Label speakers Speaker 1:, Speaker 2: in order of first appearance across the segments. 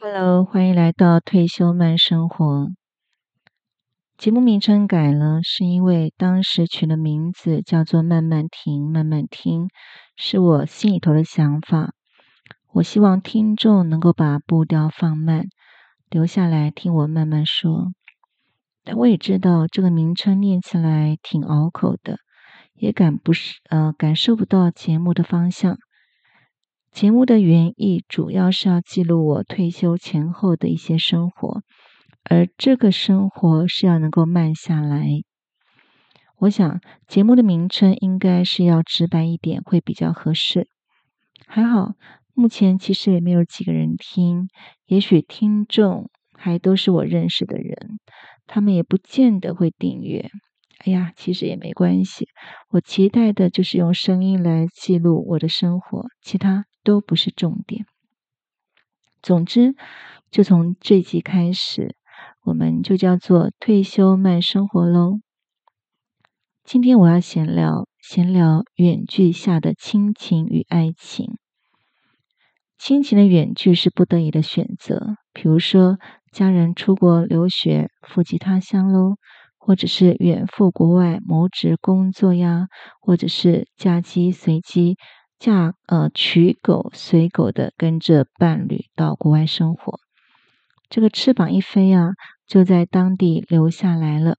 Speaker 1: 哈嘍，Hello, 歡迎來到退休慢生活。節目名稱改了，是因為當時取的名字叫做“慢慢停，慢慢聽”，是我心裡頭的想法。我希望聽眾能夠把步調放慢，留下來聽我慢慢說。但我也知道，這個名稱唸起來挺拗口的，也感不是呃感受不到節目的方向。節目的原意主要是要記錄我退休前後的一些生活，而這個生活是要能夠慢下來。我想節目的名稱應該是要直白一點，會比較合適。還好，目前其實也沒有幾個人聽，也許聽眾還都是我認識的人，他們也不見得會訂閱。哎呀，其實也沒關係，我期待的就是用聲音來記錄我的生活，其他。都不是重點。總之，就從這集開始，我們就叫做退休慢生活嘍。今天我要閒聊，閒聊遠距下的親情與愛情。親情的遠距是不得已的選擇，比如說家人出國留學、負笈他鄉嘍，或者是遠赴國外謀職工作呀，或者是嫁雞隨雞。嫁、呃娶狗隨狗的，跟着伴侶到國外生活，這個翅膀一飛啊，就在當地留下來了。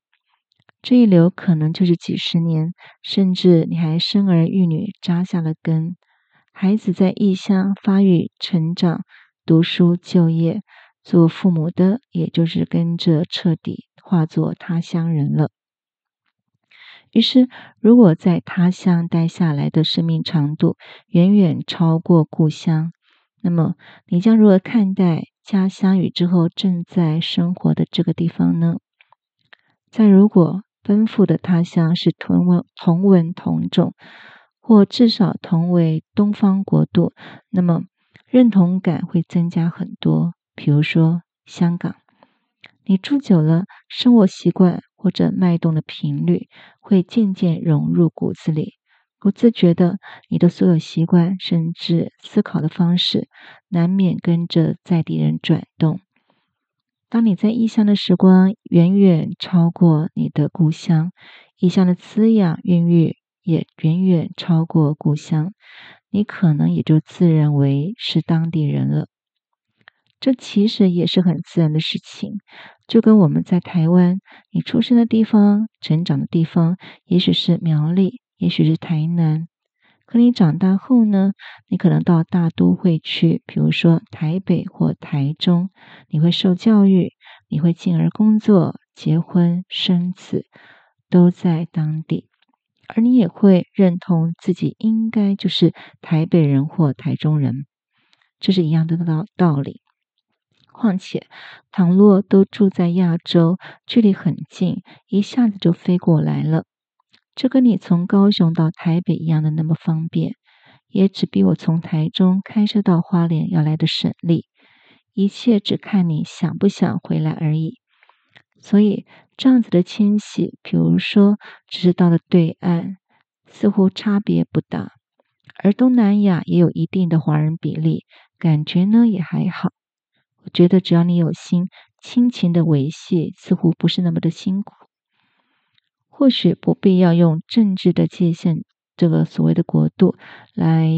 Speaker 1: 這一留可能就是幾十年，甚至你還生兒育女，扎下了根。孩子在異鄉發育成長、讀書就業，做父母的也就是跟着徹底化作他鄉人了。於是，如果在他鄉待下來的生命長度遠遠超過故鄉，那麼你將如何看待家鄉與之後正在生活的這個地方呢？在如果奔赴的他鄉是同文同文同種，或至少同為東方國度，那麼認同感會增加很多。比如說香港，你住久了，生活習慣。或者脈動的頻率會漸漸融入骨子裡，不自覺的，你的所有習慣甚至思考的方式，難免跟着在地人轉動。當你在異鄉的時光遠遠超過你的故鄉，異鄉的滋養孕育也遠遠超過故鄉，你可能也就自認為是當地人了。這其實也是很自然的事情。就跟我們在台灣，你出生的地方、成長的地方，也許是苗栗，也許是台南。可你長大後呢？你可能到大都會去，比如說台北或台中，你會受教育，你會進而工作、結婚、生子，都在當地，而你也會認同自己應該就是台北人或台中人，這是一樣的道道理。況且，倘若都住在亞洲，距離很近，一下子就飛過來了，這跟你從高雄到台北一樣的那麼方便，也只比我從台中開車到花蓮要來的省力。一切只看你想不想回來而已。所以這樣子的遷徙，比如說只是到了對岸，似乎差別不大。而東南亞也有一定的華人比例，感覺呢也還好。我覺得只要你有心，親情的維繫似乎不是那麼的辛苦。或許不必要用政治的界限，這個所謂的國度，來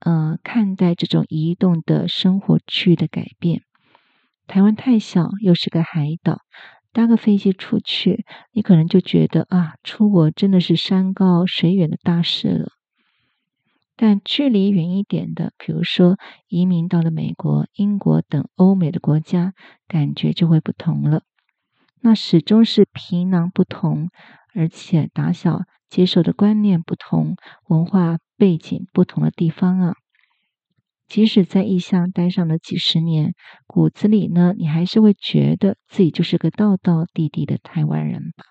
Speaker 1: 呃看待這種移動的生活區域的改變。台灣太小，又是個海島，搭個飛機出去，你可能就覺得啊，出國真的是山高水遠的大事了。但距離遠一點的，比如說移民到了美國、英國等歐美的國家，感覺就會不同了。那始終是皮囊不同，而且打小接受的觀念不同、文化背景不同的地方啊。即使在異鄉待上了幾十年，骨子裡呢，你還是會覺得自己就是個道道地地的台灣人吧？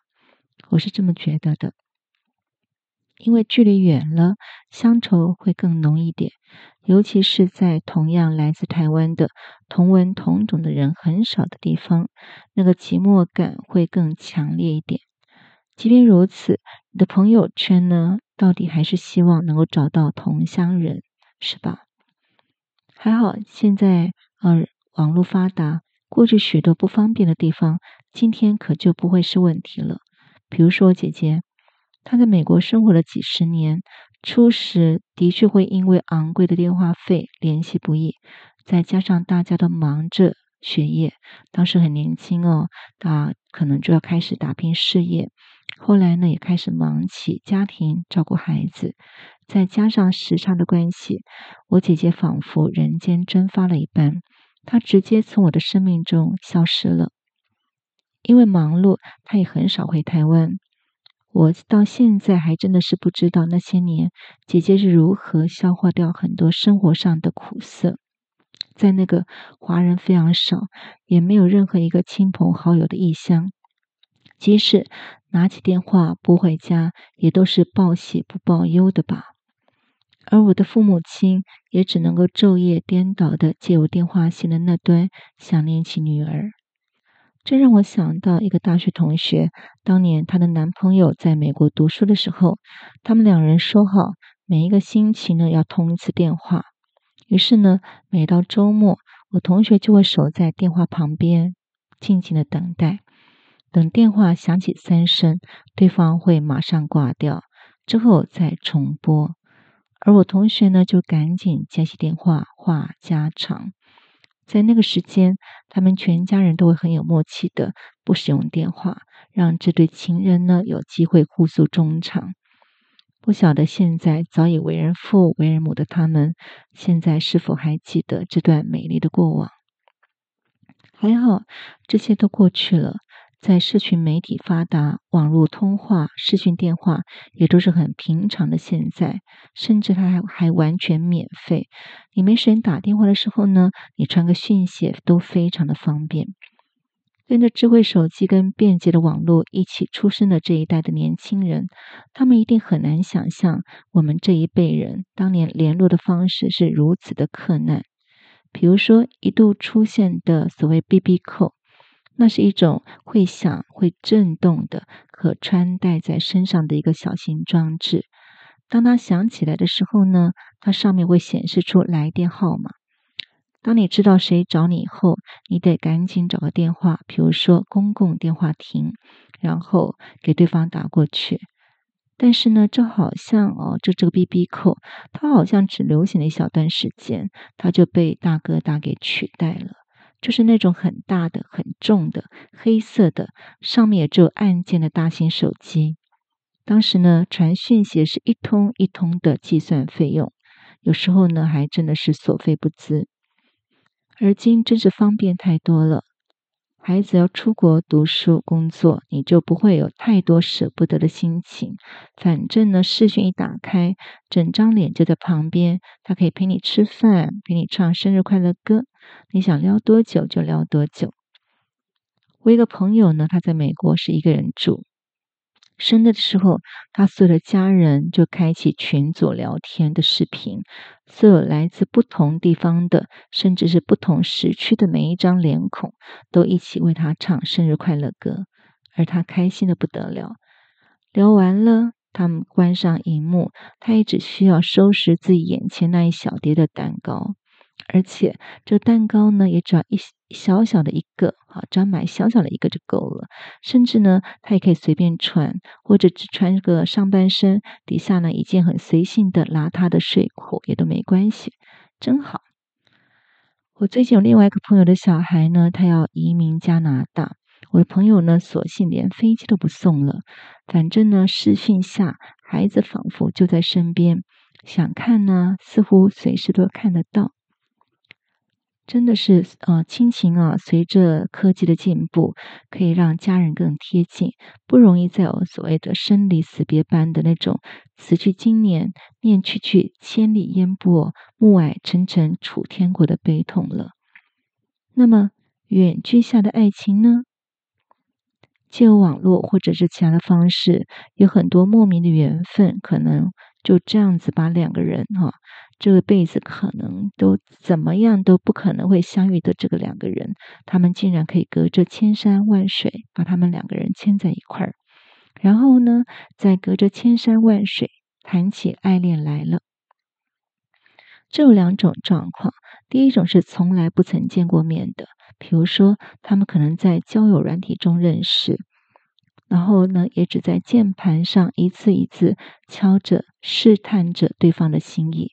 Speaker 1: 我是這麼覺得的。因為距離遠了，鄉愁會更濃一點，尤其是在同樣來自台灣的同文同種的人很少的地方，那個寂寞感會更強烈一點。即便如此，你的朋友圈呢，到底還是希望能夠找到同鄉人，是吧？還好現在，呃，網絡發達，過去許多不方便的地方，今天可就不會是問題了。比如說姐姐。他在美國生活了幾十年，初時的確會因為昂貴的電話費聯繫不易，再加上大家都忙着學業，當時很年輕哦，他可能就要開始打拼事業，後來呢，也開始忙起家庭照顧孩子，再加上時差的關係，我姐姐仿佛人間蒸發了一般，她直接從我的生命中消失了。因為忙碌，他也很少回台灣。我到現在還真的是不知道那些年姐姐是如何消化掉很多生活上的苦澀，在那個華人非常少，也沒有任何一個親朋好友的異鄉，即使拿起電話撥回家，也都是報喜不報憂的吧。而我的父母親也只能夠晝夜顛倒的接我電話，線的那端想念起女兒。這讓我想到一個大學同學，當年她的男朋友在美國讀書的時候，他們兩人說好每一個星期呢要通一次電話。於是呢，每到週末，我同學就會守在電話旁邊，靜靜的等待，等電話響起三聲，對方會馬上掛掉，之後再重撥，而我同學呢就趕緊接起電話，話家常。在那個時間，他們全家人都會很有默契的不使用電話，讓這對情人呢有機會互訴衷腸。不曉得現在早已為人父、為人母的他們，現在是否還記得這段美麗的過往？還好，這些都過去了。在社群媒體發達、網絡通話、視訊電話也都是很平常的現在，甚至它還還完全免費。你沒時間打電話的時候呢，你傳個訊息都非常的方便。跟着智慧手機跟便捷的網絡一起出生的這一代的年輕人，他們一定很難想象我們這一輩人當年聯絡的方式是如此的克難。比如說，一度出現的所謂 BB Call。那是一種會響、會震動的可穿戴在身上的一個小型裝置。當它響起來的時候呢，它上面會顯示出來電號碼。當你知道誰找你以後，你得趕緊找個電話，比如說公共電話亭，然後給對方打過去。但是呢，這好像哦，就這個 BB 扣，它好像只流行了一小段時間，它就被大哥大給取代了。就是那種很大的、很重的、黑色的、上面也只有按鍵的大型手機。當時呢，傳訊息是一通一通的計算費用，有時候呢還真的是所費不貲，而今真是方便太多了。孩子要出國讀書工作，你就不會有太多舍不得的心情。反正呢，視訊一打開，整張臉就在旁邊，他可以陪你吃飯，陪你唱生日快樂歌，你想聊多久就聊多久。我一個朋友呢，他在美國是一個人住。生的時候，他所有的家人就開啟群組聊天的視頻，所有來自不同地方的，甚至是不同時區的每一張臉孔，都一起為他唱生日快樂歌，而他開心的不得了。聊完了，他們關上熒幕，他也只需要收拾自己眼前那一小碟的蛋糕。而且這個蛋糕呢，也只要一小小的一個好，只要買小小的一個就夠了。甚至呢，他也可以隨便穿，或者只穿個上半身，底下呢一件很隨性的邋遢的睡褲也都沒關係，真好。我最近有另外一個朋友的小孩呢，他要移民加拿大，我的朋友呢，索性連飛機都不送了，反正呢，視訊下，孩子仿佛就在身邊，想看呢，似乎隨時都看得到。真的是，啊、呃，親情啊，隨着科技的進步，可以讓家人更貼近，不容易再有所謂的生離死別般的那種“辭去經年念去去千里煙波，暮靄沉沉楚天國”的悲痛了。那麼，遠距下的愛情呢？借網絡或者是其他的方式，有很多莫名的緣分，可能就這樣子把兩個人哈。啊這輩子可能都怎麼樣都不可能會相遇的這個兩個人，他們竟然可以隔着千山萬水把他們兩個人牽在一塊兒，然後呢，再隔着千山萬水談起愛戀來了。這有兩種狀況：第一種是從來不曾見過面的，比如說他們可能在交友軟體中認識，然後呢，也只在鍵盤上一次一次敲着試探着對方的心意。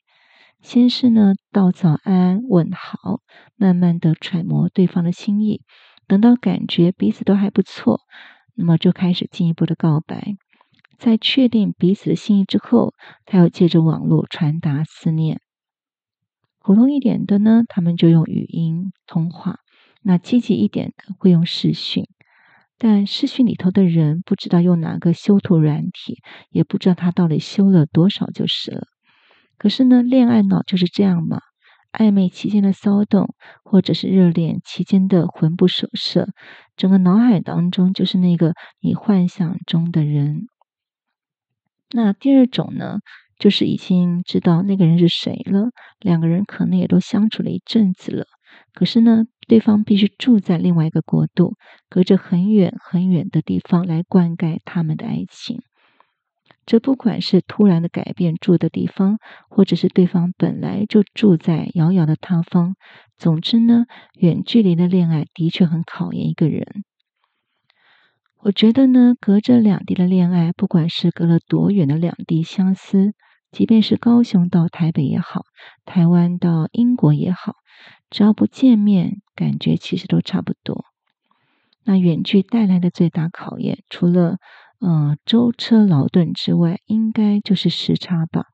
Speaker 1: 先是呢，道早安問好，慢慢的揣摩對方的心意，等到感覺彼此都還不錯，那麼就開始進一步的告白。在確定彼此的心意之後，他要借着網絡傳達思念。普通一點的呢，他們就用語音通話；那積極一點的會用視訊，但視訊裡頭的人不知道用哪個修圖軟體，也不知道他到底修了多少，就是了。可是呢，戀愛腦就是這樣嘛，曖昧期間的騷動，或者是熱戀期間的魂不守舍，整個腦海當中就是那個你幻想中的人。那第二種呢，就是已經知道那個人是誰了，兩個人可能也都相處了一陣子了，可是呢，對方必須住在另外一個國度，隔着很遠很遠的地方來灌溉他們的愛情。這不管是突然的改變住的地方，或者是對方本來就住在遙遙的他方，總之呢，遠距離的戀愛的確很考驗一個人。我覺得呢，隔着兩地的戀愛，不管是隔了多遠的兩地相思，即便是高雄到台北也好，台灣到英國也好，只要不見面，感覺其實都差不多。那遠距帶來的最大考驗，除了嗯，舟車勞頓之外，應該就是時差吧。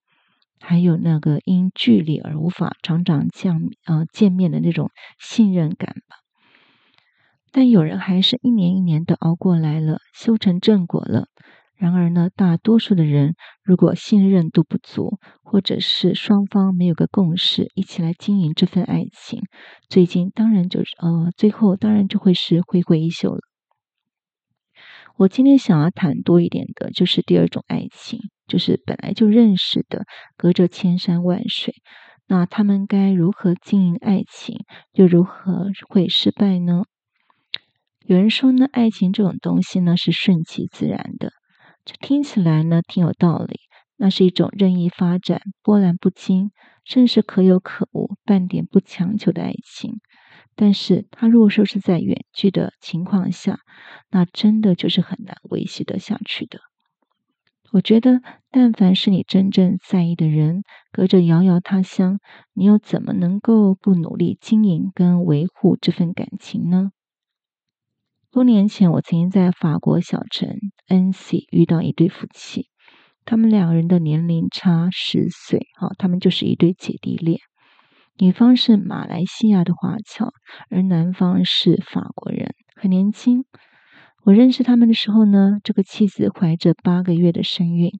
Speaker 1: 還有那個因距離而無法常常見呃，見面的那種信任感吧。但有人還是一年一年的熬過來了，修成正果了。然而呢，大多數的人如果信任度不足，或者是雙方沒有個共識，一起來經營這份愛情，最近當然就是呃，最後當然就會是揮揮衣袖了。我今天想要談多一點的，就是第二種愛情，就是本來就認識的，隔着千山萬水，那他們該如何經營愛情，又如何會失敗呢？有人說呢，愛情這種東西呢是順其自然的，這聽起來呢挺有道理，那是一種任意發展、波瀾不驚，甚至可有可無、半點不強求的愛情。但是，他如果說是在遠距的情況下，那真的就是很難維繫得下去的。我覺得，但凡是你真正在意的人，隔着遙遙他鄉，你又怎麼能夠不努力經營跟維護這份感情呢？多年前，我曾經在法國小城恩熙遇到一對夫妻，他們兩個人的年齡差十歲，哈、哦，他們就是一對姐弟戀。女方是馬來西亞的華僑，而男方是法國人，很年輕。我認識他們的時候呢，這個妻子懷着八個月的身孕。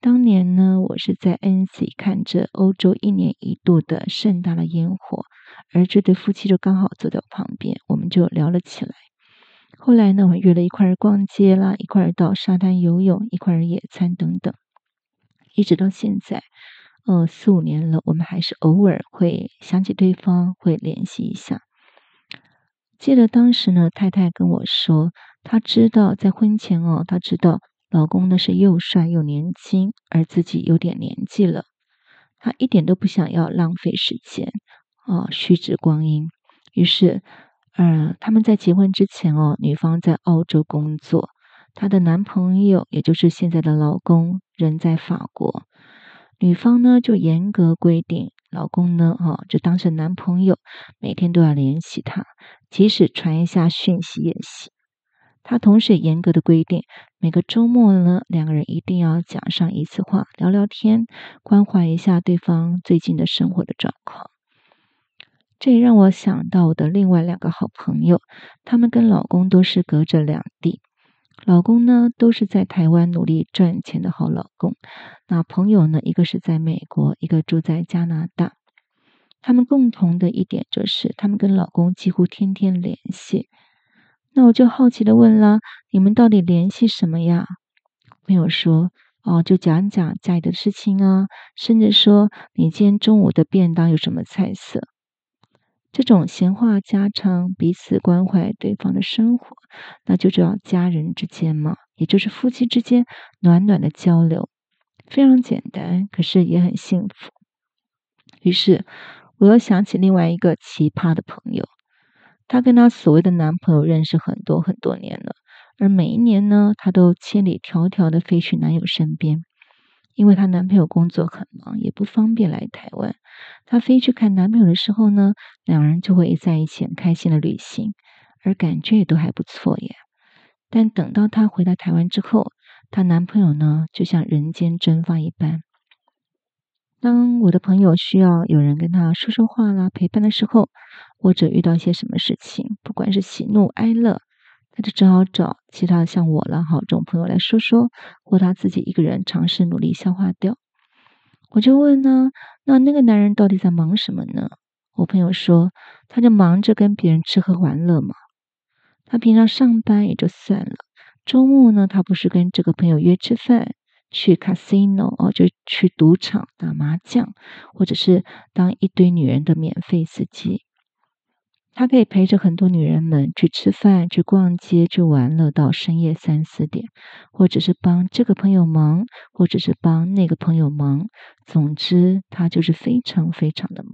Speaker 1: 當年呢，我是在 N C 看着歐洲一年一度的盛大的煙火，而這對夫妻就剛好坐在旁邊，我們就聊了起來。後來呢，我們約了一塊兒逛街啦，一塊兒到沙灘游泳，一塊兒野餐等等，一直到現在。呃、哦，四五年了，我們還是偶爾會想起對方，會聯繫一下。記得當時呢，太太跟我說，她知道在婚前哦，她知道老公呢是又帥又年輕，而自己有點年紀了，她一點都不想要浪費時間啊，哦，虛擲光陰。於是，嗯、呃，他們在結婚之前哦，女方在澳洲工作，她的男朋友也就是現在的老公人在法國。女方呢就嚴格規定，老公呢哦，就當成男朋友，每天都要聯繫他，即使傳一下訊息也行。她同時也嚴格的規定，每個周末呢兩個人一定要講上一次話，聊聊天，關懷一下對方最近的生活的狀況。這也讓我想到我的另外兩個好朋友，他們跟老公都是隔着兩地。老公呢，都是在台灣努力賺錢的好老公。那朋友呢，一個是在美國，一個住在加拿大。他們共同的一點就是，他們跟老公幾乎天天聯繫。那我就好奇的問了，你們到底聯繫什麼呀？朋友說，哦，就講講家裡的事情啊，甚至說你今天中午的便當有什麼菜色？這種閒話家常，彼此關懷對方的生活，那就叫家人之間嘛，也就是夫妻之間暖暖的交流，非常簡單，可是也很幸福。於是我又想起另外一個奇葩的朋友，她跟她所謂的男朋友認識很多很多年了，而每一年呢，她都千里迢迢的飛去男友身邊。因為她男朋友工作很忙，也不方便來台灣。她飛去看男朋友的時候呢，兩人就會一在一起很開心的旅行，而感覺也都還不錯耶。但等到她回到台灣之後，她男朋友呢，就像人間蒸發一般。當我的朋友需要有人跟她說說話啦、陪伴的時候，或者遇到一些什麼事情，不管是喜怒哀樂。他就只好找其他像我了哈這種朋友來說說，或他自己一個人嘗試努力消化掉。我就問呢，那那個男人到底在忙什麼呢？我朋友說，他就忙着跟別人吃喝玩樂嘛。他平常上班也就算了，周末呢，他不是跟這個朋友約吃飯，去 casino 哦，就去賭場打麻將，或者是當一堆女人的免費司機。他可以陪着很多女人們去吃飯、去逛街、去玩樂到深夜三四點，或者是幫這個朋友忙，或者是幫那個朋友忙。總之，他就是非常非常的忙，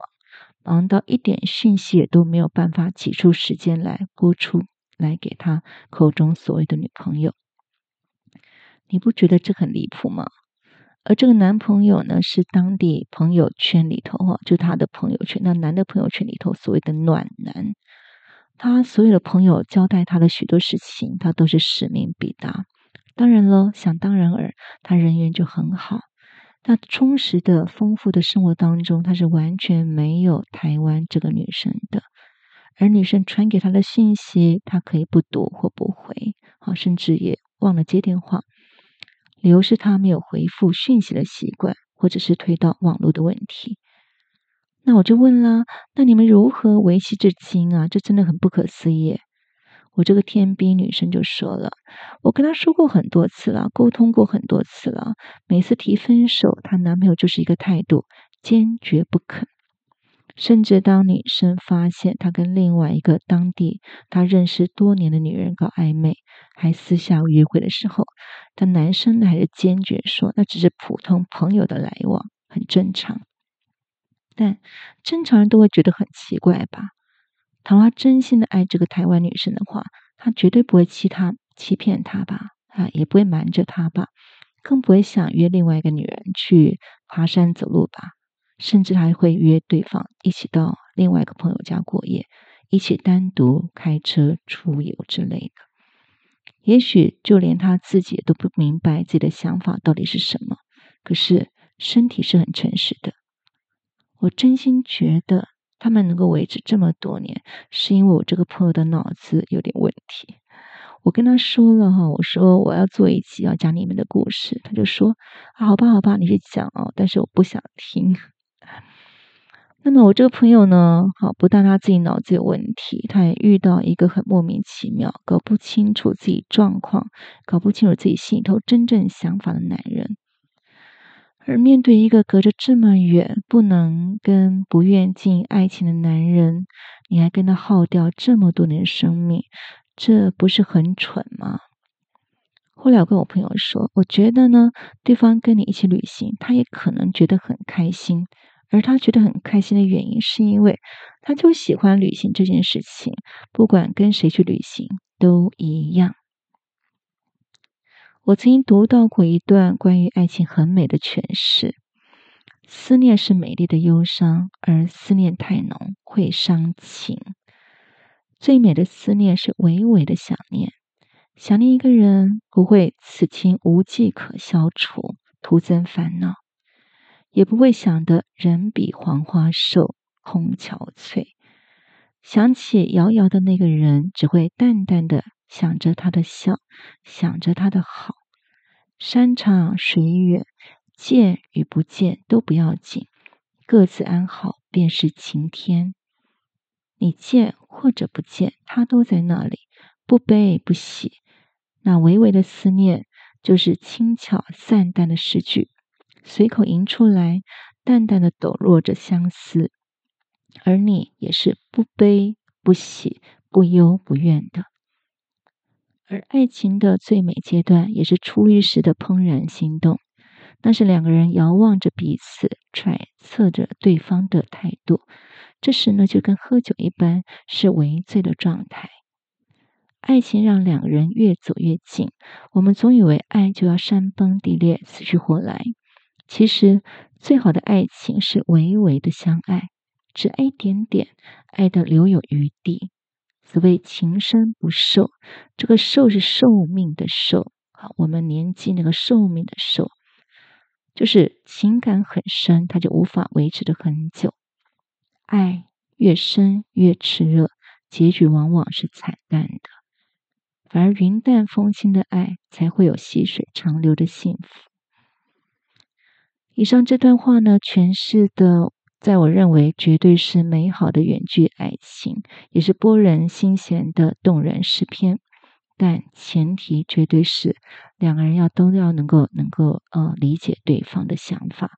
Speaker 1: 忙到一點訊息也都沒有辦法擠出時間來撥出來給他口中所謂的女朋友。你不覺得這很離譜嗎？而這個男朋友呢，是當地朋友圈裡頭哈，就是、他的朋友圈。那男的朋友圈裡頭所謂的暖男，他所有的朋友交代他的許多事情，他都是使命必達。當然了，想當然耳，他人緣就很好。他充實的、豐富的生活當中，他是完全沒有台灣這個女生的。而女生傳給他的信息，他可以不讀或不回，好，甚至也忘了接電話。理由是他沒有回復訊息的習慣，或者是推到網絡的問題。那我就問了，那你們如何維繫至今啊？這真的很不可思議。我這個天兵女生就說了，我跟她說過很多次了，溝通過很多次了，每次提分手，她男朋友就是一個態度，堅決不肯。甚至當女生發現他跟另外一個當地他認識多年的女人搞曖昧，還私下約會的時候，但男生呢還是堅決說那只是普通朋友的來往，很正常。但正常人都會覺得很奇怪吧？倘若他真心的愛這個台灣女生的話，他絕對不會欺他、欺騙她吧？啊，也不會瞞着她吧？更不會想約另外一個女人去爬山走路吧？甚至還會約對方一起到另外一個朋友家過夜，一起單獨開車出遊之類的。也許就連他自己都不明白自己的想法到底是什麼，可是身體是很誠實的。我真心覺得他們能夠維持這麼多年，是因為我這個朋友的腦子有點問題。我跟他說了哈，我說我要做一期要講你們的故事，他就說好吧，好吧，你去講哦。但是我不想聽。那麼我這個朋友呢，好，不但他自己腦子有問題，他也遇到一個很莫名其妙、搞不清楚自己狀況、搞不清楚自己心裡頭真正想法的男人。而面對一個隔着這麼遠、不能跟、不願進愛情的男人，你還跟他耗掉這麼多年生命，這不是很蠢嗎？後來我跟我朋友說，我覺得呢，對方跟你一起旅行，他也可能覺得很開心。而他覺得很開心的原因，是因為他就喜歡旅行這件事情，不管跟誰去旅行都一樣。我曾經讀到過一段關於愛情很美的詮釋：思念是美麗的憂傷，而思念太濃會傷情。最美的思念是微微的想念，想念一個人不會此情無計可消除，徒增煩惱。也不會想得人比黃花瘦，空憔悴。想起遙遙的那個人，只會淡淡的想着他的笑，想着他的好。山長水遠，見與不見都不要緊，各自安好便是晴天。你見或者不見，他都在那裡，不悲不喜。那微微的思念，就是輕巧散淡的詩句。隨口吟出來，淡淡的抖落着相思，而你也是不悲不喜、不憂不怨的。而愛情的最美階段，也是初遇時的怦然心動，那是兩個人遙望着彼此，揣測着對方的態度。這時呢，就跟喝酒一般，是微醉的狀態。愛情讓兩個人越走越近，我們總以為愛就要山崩地裂、死去活來。其實，最好的愛情是微微的相愛，只愛一點點，愛的留有餘地。所謂情深不壽，這個壽是壽命的壽，好，我們年紀那個壽命的壽，就是情感很深，它就無法維持的很久。愛越深越熾熱，結局往往是慘淡的，反而雲淡風輕的愛，才會有細水長流的幸福。以上這段話呢，詮釋的，在我認為絕對是美好的遠距愛情，也是撥人心弦的動人詩篇。但前提絕對是兩個人要都要能夠能夠呃理解對方的想法，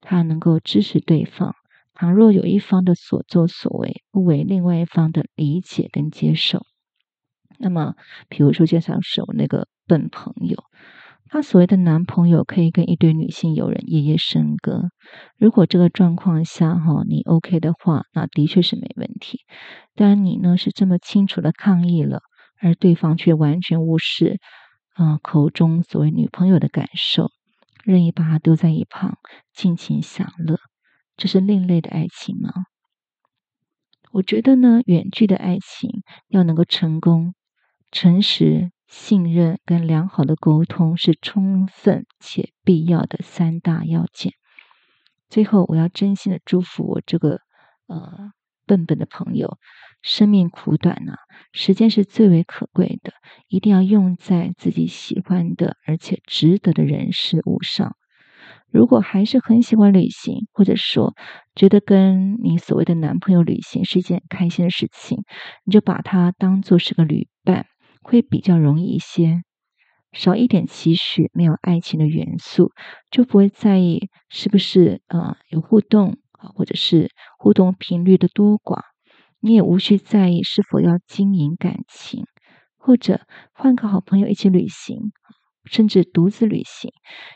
Speaker 1: 他能夠支持對方。倘若有一方的所作所為不為另外一方的理解跟接受，那麼比如說就像是我那個笨朋友。他所謂的男朋友可以跟一堆女性友人夜夜笙歌，如果這個狀況下哈你 OK 的話，那的確是沒問題。但你呢是這麼清楚的抗議了，而對方卻完全無視，啊、呃、口中所謂女朋友的感受，任意把他丟在一旁盡情享樂，這是另類的愛情嗎？我覺得呢，遠距的愛情要能夠成功，誠實。信任跟良好的溝通是充分且必要的三大要件。最後，我要真心的祝福我這個呃笨笨的朋友。生命苦短吶、啊，時間是最為可貴的，一定要用在自己喜歡的而且值得的人事物上。如果還是很喜歡旅行，或者說覺得跟你所謂的男朋友旅行是一件開心的事情，你就把他當做是個旅伴。會比較容易一些，少一點期許，沒有愛情的元素，就不會在意是不是呃有互動或者是互動頻率的多寡。你也無需在意是否要經營感情，或者換個好朋友一起旅行，甚至獨自旅行，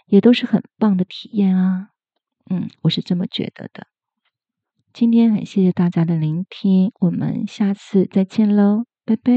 Speaker 1: 也都是很棒的體驗啊。嗯，我是這麼覺得的。今天很謝謝大家的聆聽，我們下次再見嘍，拜拜。